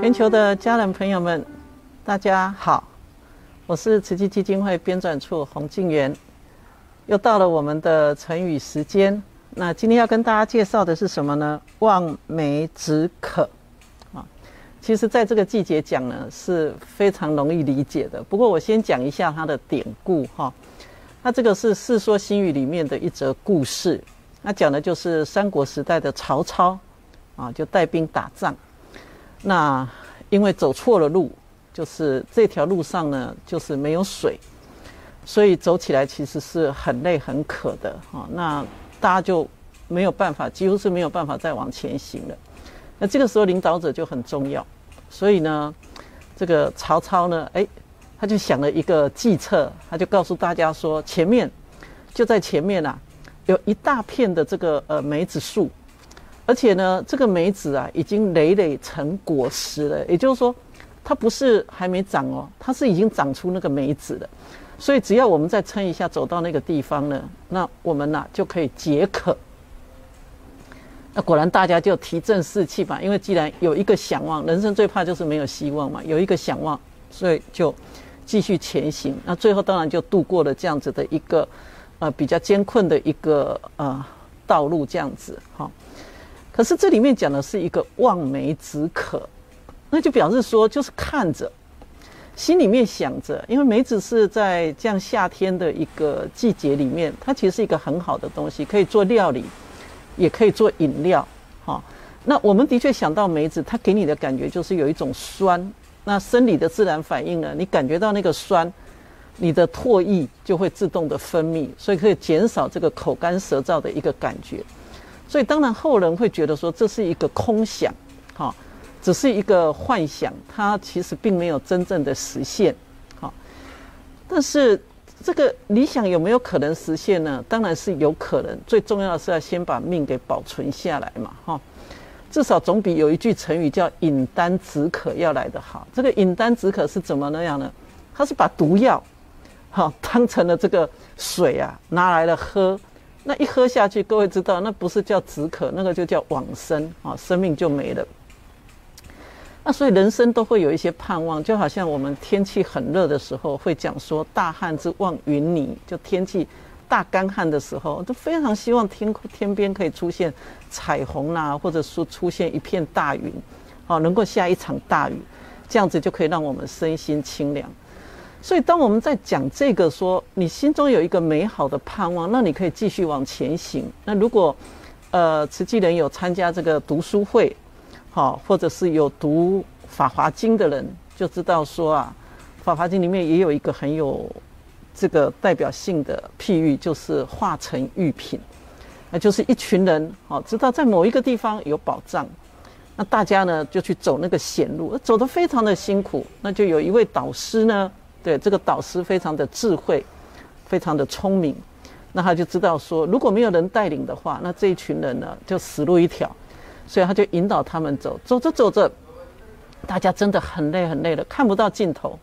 全球的家人朋友們，大家好，我是慈濟基金會編纂處洪靜原。又到了我們的成語時間。那今天要跟大家介紹的是什麼呢？望梅止渴啊，其實在這個季節講呢是非常容易理解的。不過我先講一下它的典故哈。那這個是《世說新語》裡面的一則故事，那講的就是三國時代的曹操啊，就帶兵打仗。那因為走錯了路，就是這條路上呢，就是沒有水，所以走起來其實是很累，很渴的哈、哦。那大家就沒有辦法，幾乎是沒有辦法再往前行了。那這個時候領導者就很重要，所以呢，這個曹操呢，哎，他就想了一個計策，他就告訴大家說，前面就在前面啊，有一大片的這個呃梅子樹。而且呢，這個梅子啊，已經累累成果實了。也就是說，它不是還沒長哦，它是已經長出那個梅子了。所以只要我們再撐一下，走到那個地方呢，那我們呢、啊、就可以解渴。那果然大家就提振士氣吧，因為既然有一個想望，人生最怕就是沒有希望嘛。有一個想望，所以就繼續前行。那最後當然就度過了這樣子的一個呃比較艱困的一個呃道路這樣子，好。可是這裡面講的是一個望梅止渴，那就表示說就是看着，心裡面想着，因為梅子是在這樣夏天的一個季節裡面，它其實是一個很好的東西，可以做料理，也可以做飲料，哈、哦。那我們的確想到梅子，它給你的感覺就是有一種酸，那生理的自然反應呢，你感覺到那個酸，你的唾液就會自動的分泌，所以可以減少這個口乾舌燥的一個感覺。所以當然，後人會覺得說這是一個空想，哈，只是一個幻想，它其實並沒有真正的實現，哈。但是這個理想有沒有可能實現呢？當然是有可能。最重要的是要先把命給保存下來嘛，哈。至少總比有一句成語叫“飲鴆止渴”要來得好。這個“飲鴆止渴”是怎麼那樣呢？它是把毒藥，哈，當成了這個水啊，拿來了喝。那一喝下去，各位知道，那不是叫止渴，那個就叫往生啊，生命就沒了。那所以人生都會有一些盼望，就好像我們天氣很熱的時候，會講說大旱之望雲霓，就天氣大乾旱的時候，都非常希望天空天邊可以出現彩虹啊，或者說出現一片大雲，好、啊，能夠下一場大雨，這樣子就可以讓我們身心清涼。所以，當我們在講這個說，說你心中有一個美好的盼望，那你可以繼續往前行。那如果，呃，慈濟人有參加這個讀書會，好、哦，或者是有讀《法華經》的人，就知道說啊，《法華經》裡面也有一個很有這個代表性的譬喻，就是化城喻品，那就是一群人，好、哦，知道在某一個地方有寶藏，那大家呢就去走那個險路，而走得非常的辛苦，那就有一位導師呢。對這個導師非常的智慧，非常的聰明，那他就知道說，如果沒有人帶領的話，那這一群人呢就死路一條，所以他就引導他們走，走着走着，大家真的很累很累了，看不到盡頭，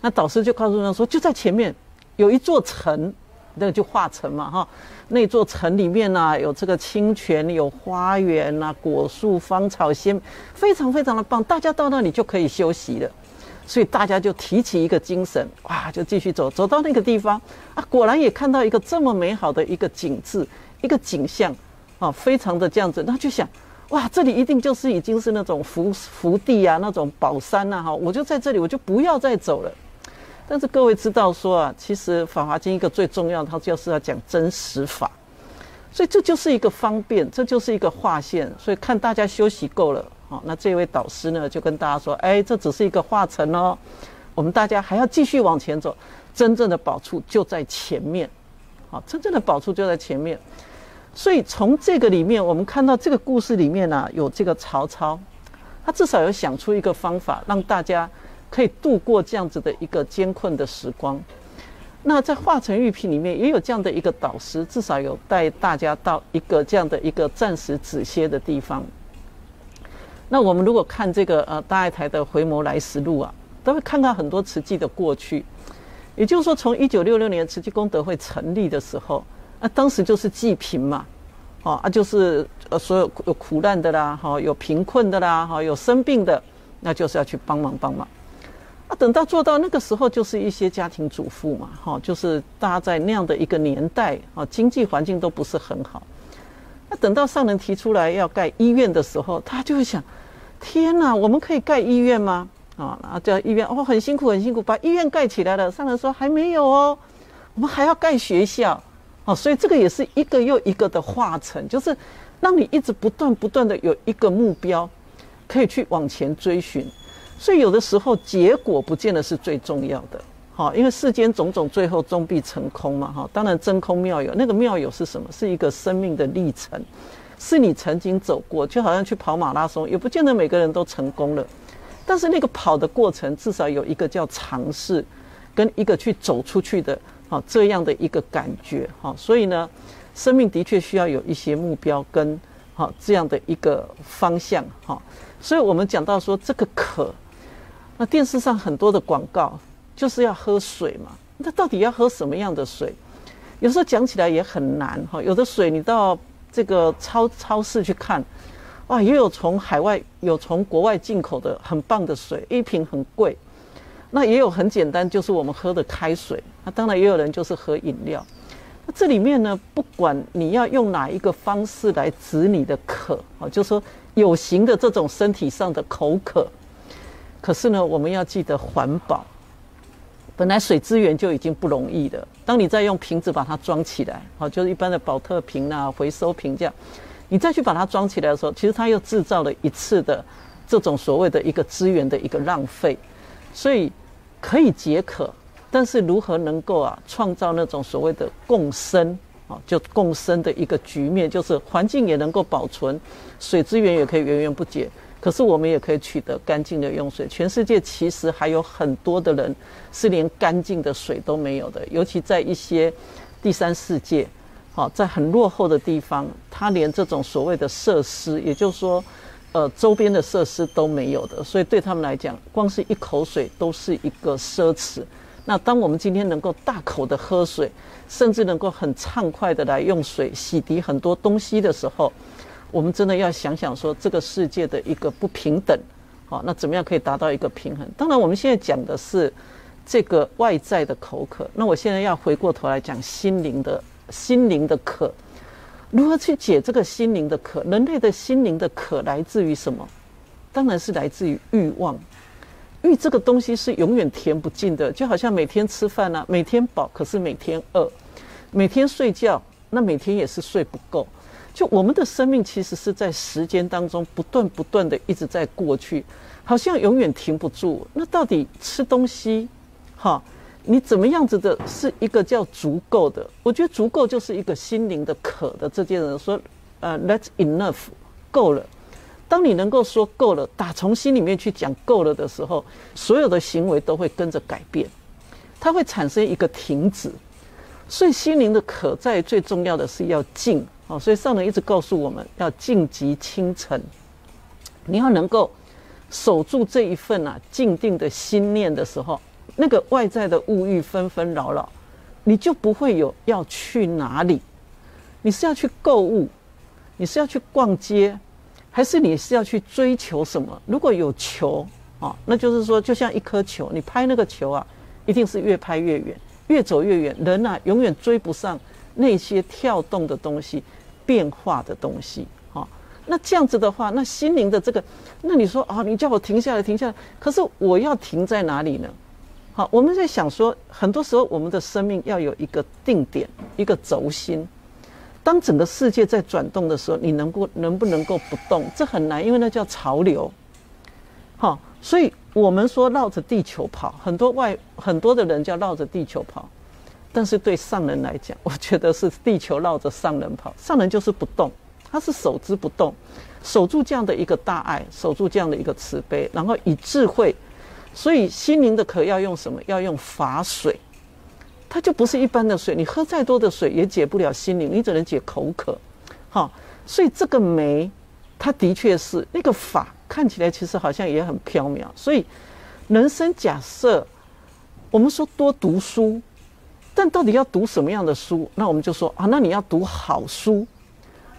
那導師就告訴他說，就在前面有一座城，那就化城嘛哈，那一座城裡面呢、啊、有這個清泉，有花園啊，果樹、芳草、鮮，非常非常的棒，大家到那裡就可以休息了。所以大家就提起一個精神，哇，就繼續走，走到那個地方，啊，果然也看到一個這麼美好的一個景致，一個景象，啊，非常的這樣子，那就想，哇，這裡一定就是已經是那種福福地啊，那種寶山吶，哈，我就在這裡，我就不要再走了。但是各位知道說啊，其實《法華經》一個最重要的，它就是要講真實法，所以這就是一個方便，這就是一個化城，所以看大家休息夠了。好，那這位導師呢，就跟大家說：“哎，這只是一個化城哦，我們大家還要繼續往前走，真正的寶處就在前面。哦”好，真正的寶處就在前面。所以從這個裡面，我們看到這個故事裡面呢、啊，有這個曹操，他至少有想出一個方法，讓大家可以度過這樣子的一個艱困的時光。那在化城喻品裡面，也有這樣的一個導師，至少有帶大家到一個這樣的一個暫時止歇的地方。那我們如果看這個呃大愛台的回眸來時路啊，都會看到很多慈濟的過去，也就是說，從一九六六年慈濟功德會成立的時候，那、啊、當時就是濟貧嘛，哦啊就是呃所有有苦難的啦哈，有貧困的啦哈，有生病的，那就是要去幫忙幫忙。啊等到做到那個時候，就是一些家庭主婦嘛哈，啊、就是大家在那樣的一個年代啊，經濟環境都不是很好。那、啊、等到上人提出來要蓋醫院的時候，他就會想。天哪、啊，我們可以蓋醫院嗎？啊，然後叫醫院，哦，很辛苦，很辛苦，把醫院蓋起來了。上人說還沒有哦，我們還要蓋學校，啊所以這個也是一個又一個的化城，就是讓你一直不斷不斷的有一個目標可以去往前追尋。所以有的時候結果不見得是最重要的，好、啊，因為世間種種最後終必成空嘛，哈、啊。當然真空妙有，那個妙有是什麼？是一個生命的歷程。是你曾經走過，就好像去跑馬拉松，也不見得每個人都成功了。但是那個跑的過程，至少有一個叫嘗試，跟一個去走出去的，好、哦、這樣的一個感覺，哈、哦。所以呢，生命的確需要有一些目標跟好、哦、這樣的一個方向，哈、哦。所以我們講到說這個渴，那電視上很多的廣告就是要喝水嘛。那到底要喝什麼樣的水？有時候講起來也很難，哈、哦。有的水你到。這個超超市去看，哇，也有從海外，有從國外進口的很棒的水，一瓶很貴。那也有很簡單，就是我們喝的開水。那當然也有人就是喝飲料。那這裡面呢，不管你要用哪一個方式來止你的渴啊、哦，就是、說有形的這種身體上的口渴。可是呢，我們要記得環保。本來水資源就已經不容易的，當你再用瓶子把它裝起來，好，就是一般的保特瓶吶、啊、回收瓶這樣，你再去把它裝起來的時候，其實它又制造了一次的這種所謂的一個資源的一個浪費。所以可以解渴，但是如何能夠啊創造那種所謂的共生啊，就共生的一個局面，就是環境也能夠保存，水資源也可以源源不絕。可是我們也可以取得乾淨的用水。全世界其實還有很多的人是連乾淨的水都沒有的，尤其在一些第三世界，好、哦，在很落後的地方，他連這種所謂的設施，也就是說，呃，周邊的設施都沒有的。所以對他們來講，光是一口水都是一個奢侈。那當我們今天能夠大口的喝水，甚至能夠很暢快的來用水洗滌很多東西的時候，我們真的要想想說這個世界的一個不平等，好，那怎麼樣可以達到一個平衡？當然，我們現在講的是這個外在的口渴。那我現在要回過頭來講心靈的心靈的渴，如何去解這個心靈的渴？人類的心靈的渴來自於什麼？當然是來自於欲望，因為這個東西是永遠填不盡的。就好像每天吃飯呢、啊，每天飽，可是每天餓；每天睡覺，那每天也是睡不夠。就我們的生命其實是在時間當中不斷不斷的一直在過去，好像永遠停不住。那到底吃東西，哈，你怎麼樣子的？是一個叫足夠的？我覺得足夠就是一個心靈的渴的。這些人說：“呃，that's enough，夠了。”當你能夠說夠了，打從心裡面去講夠了的時候，所有的行為都會跟着改變，它會產生一個停止。所以心靈的渴在最重要的是要靜。哦，所以上人一直告訴我們要靜寂清澄。你要能夠守住這一份啊靜定的心念的時候，那個外在的物欲紛紛擾擾，你就不會有要去哪裡，你是要去購物，你是要去逛街，還是你是要去追求什麼？如果有求啊、哦，那就是說，就像一顆球，你拍那個球啊，一定是越拍越遠，越走越遠。人啊，永遠追不上那些跳動的東西。變化的東西，好，那這樣子的話，那心靈的這個，那你說啊，你叫我停下來，停下來，可是我要停在哪裡呢？好，我們在想說，很多時候我們的生命要有一個定點，一個軸心。當整個世界在轉動的時候，你能夠能不能夠不動？這很難，因為那叫潮流。好，所以我們說繞着地球跑，很多外很多的人叫繞着地球跑。但是對上人來講，我覺得是地球繞着上人跑，上人就是不動，他是守之不動，守住這樣的一個大愛，守住這樣的一個慈悲，然後以智慧，所以心靈的渴要用什麼？要用法水，它就不是一般的水，你喝再多的水也解不了心靈，你只能解口渴，好、哦，所以這個梅它的確是那個法，看起來其實好像也很縹緲。所以人生假設，我們說多讀書。但到底要讀什麼樣的書？那我們就說啊，那你要讀好書。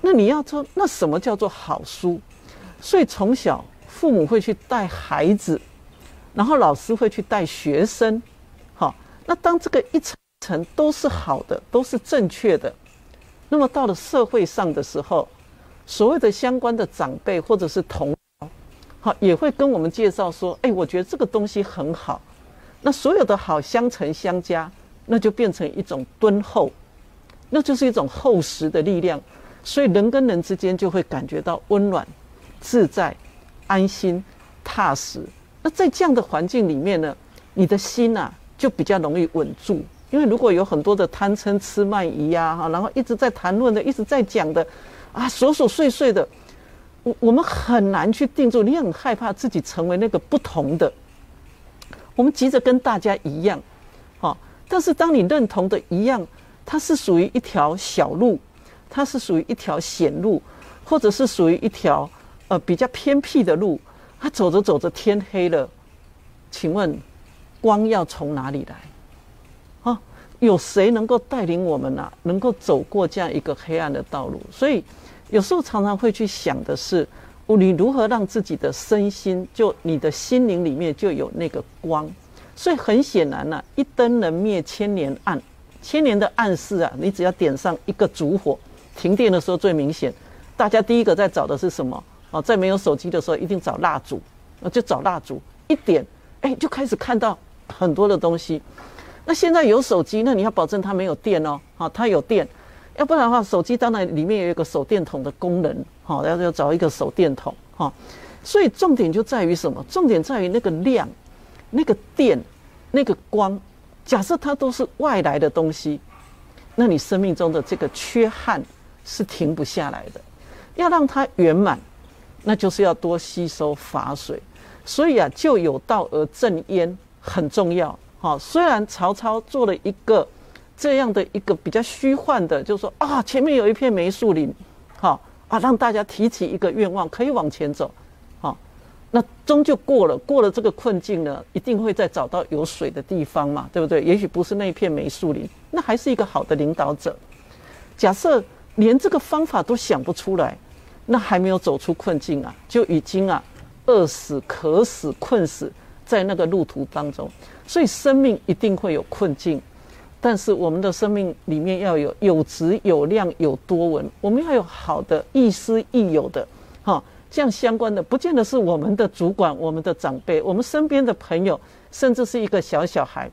那你要說，那什麼叫做好書？所以從小父母會去帶孩子，然後老師會去帶學生，好、啊。那當這個一層層都是好的，都是正確的，那麼到了社會上的時候，所謂的相關的長輩或者是同好、啊，也會跟我們介紹說：“哎，我覺得這個東西很好。”那所有的好相乘相加。那就變成一種敦厚，那就是一種厚實的力量，所以人跟人之間就會感覺到溫暖、自在、安心、踏實。那在這樣的環境裡面呢，你的心吶、啊、就比較容易穩住。因為如果有很多的貪嗔癡慢疑呀，哈、啊，然後一直在談論的，一直在講的，啊，瑣瑣碎碎的，我我們很難去定住。你很害怕自己成為那個不同的，我們急着跟大家一樣。但是當你認同的一樣，它是屬於一條小路，它是屬於一條險路，或者是屬於一條呃比較偏僻的路，它走着走着天黑了，請問光要從哪裡來？啊，有誰能夠帶領我們呢、啊？能夠走過這樣一個黑暗的道路？所以有時候常常會去想的是，你如何讓自己的身心就你的心靈裡面就有那個光？所以很顯然啊，一燈能滅千年暗，千年的暗室啊，你只要點上一個燭火。停電的時候最明顯，大家第一個在找的是什麼？哦，在沒有手機的時候，一定找蠟燭，就找蠟燭一點，哎、欸，就開始看到很多的東西。那現在有手機，那你要保證它沒有電哦，哦。它有電，要不然的話，手機當然裡面有一個手電筒的功能。好、哦，要要找一個手電筒。哈、哦，所以重點就在於什麼？重點在於那個亮。那個電，那個光，假設它都是外來的東西，那你生命中的這個缺憾，是停不下來的。要讓它圓滿，那就是要多吸收法水。所以啊，就有道而正焉很重要。好、哦，雖然曹操做了一個這樣的一個比較虛幻的，就是說啊、哦，前面有一片梅樹林，好、哦、啊，讓大家提起一個願望，可以往前走。那終究過了，過了這個困境呢，一定會再找到有水的地方嘛，對不對？也許不是那一片梅樹林，那還是一個好的領導者。假設連這個方法都想不出來，那還沒有走出困境啊，就已經啊，餓死、渴死、困死在那個路途當中。所以生命一定會有困境，但是我們的生命裡面要有友直、友諒、友多聞，我們要有好的亦師亦友的，哈。這樣相關的，不見得是我們的主管、我們的長輩、我們身邊的朋友，甚至是一個小小孩。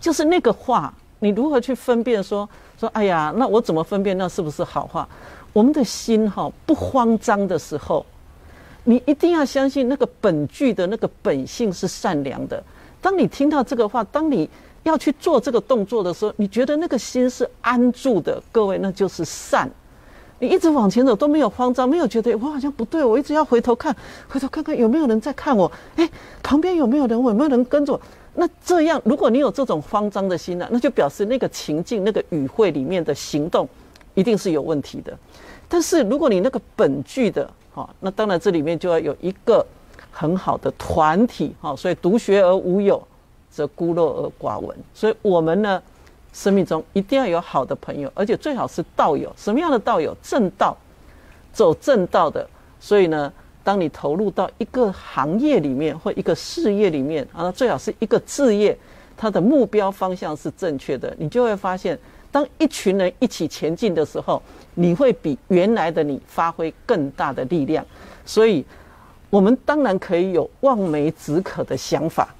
就是那個話，你如何去分辨說？說說，哎呀，那我怎麼分辨那是不是好話？我們的心哈不慌張的時候，你一定要相信那個本具的那個本性是善良的。當你聽到這個話，當你要去做這個動作的時候，你覺得那個心是安住的，各位，那就是善。你一直往前走都沒有慌張，沒有覺得我好像不對，我一直要回頭看，回頭看看有沒有人在看我，誒，旁邊有沒有人，我有沒有人跟着我？那這樣，如果你有這種慌張的心呢、啊，那就表示那個情境、那個語彙裡面的行動，一定是有問題的。但是如果你那個本具的哈、哦，那當然這裡面就要有一個很好的團體哈、哦，所以獨學而無友，則孤陋而寡聞。所以我們呢。生命中一定要有好的朋友，而且最好是道友。什麼樣的道友？正道，走正道的。所以呢，當你投入到一個行業裡面或一個事業裡面啊，最好是一個志業，它的目標方向是正確的。你就會發現，當一群人一起前進的時候，你會比原來的你發揮更大的力量。所以，我們當然可以有望梅止渴的想法。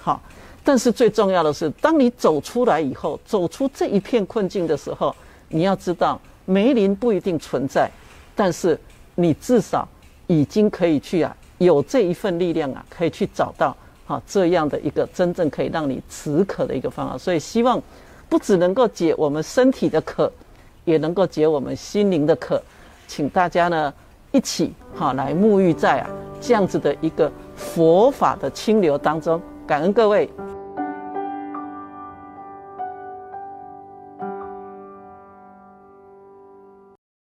好、哦。但是最重要的是，當你走出來以後，走出這一片困境的時候，你要知道，梅林不一定存在，但是你至少已經可以去啊，有這一份力量啊，可以去找到哈、啊、這樣的一個真正可以讓你止渴的一個方法。所以希望不只能夠解我們身體的渴，也能夠解我們心靈的渴，請大家呢一起哈來沐浴在啊這樣子的一個佛法的清流當中，感恩各位。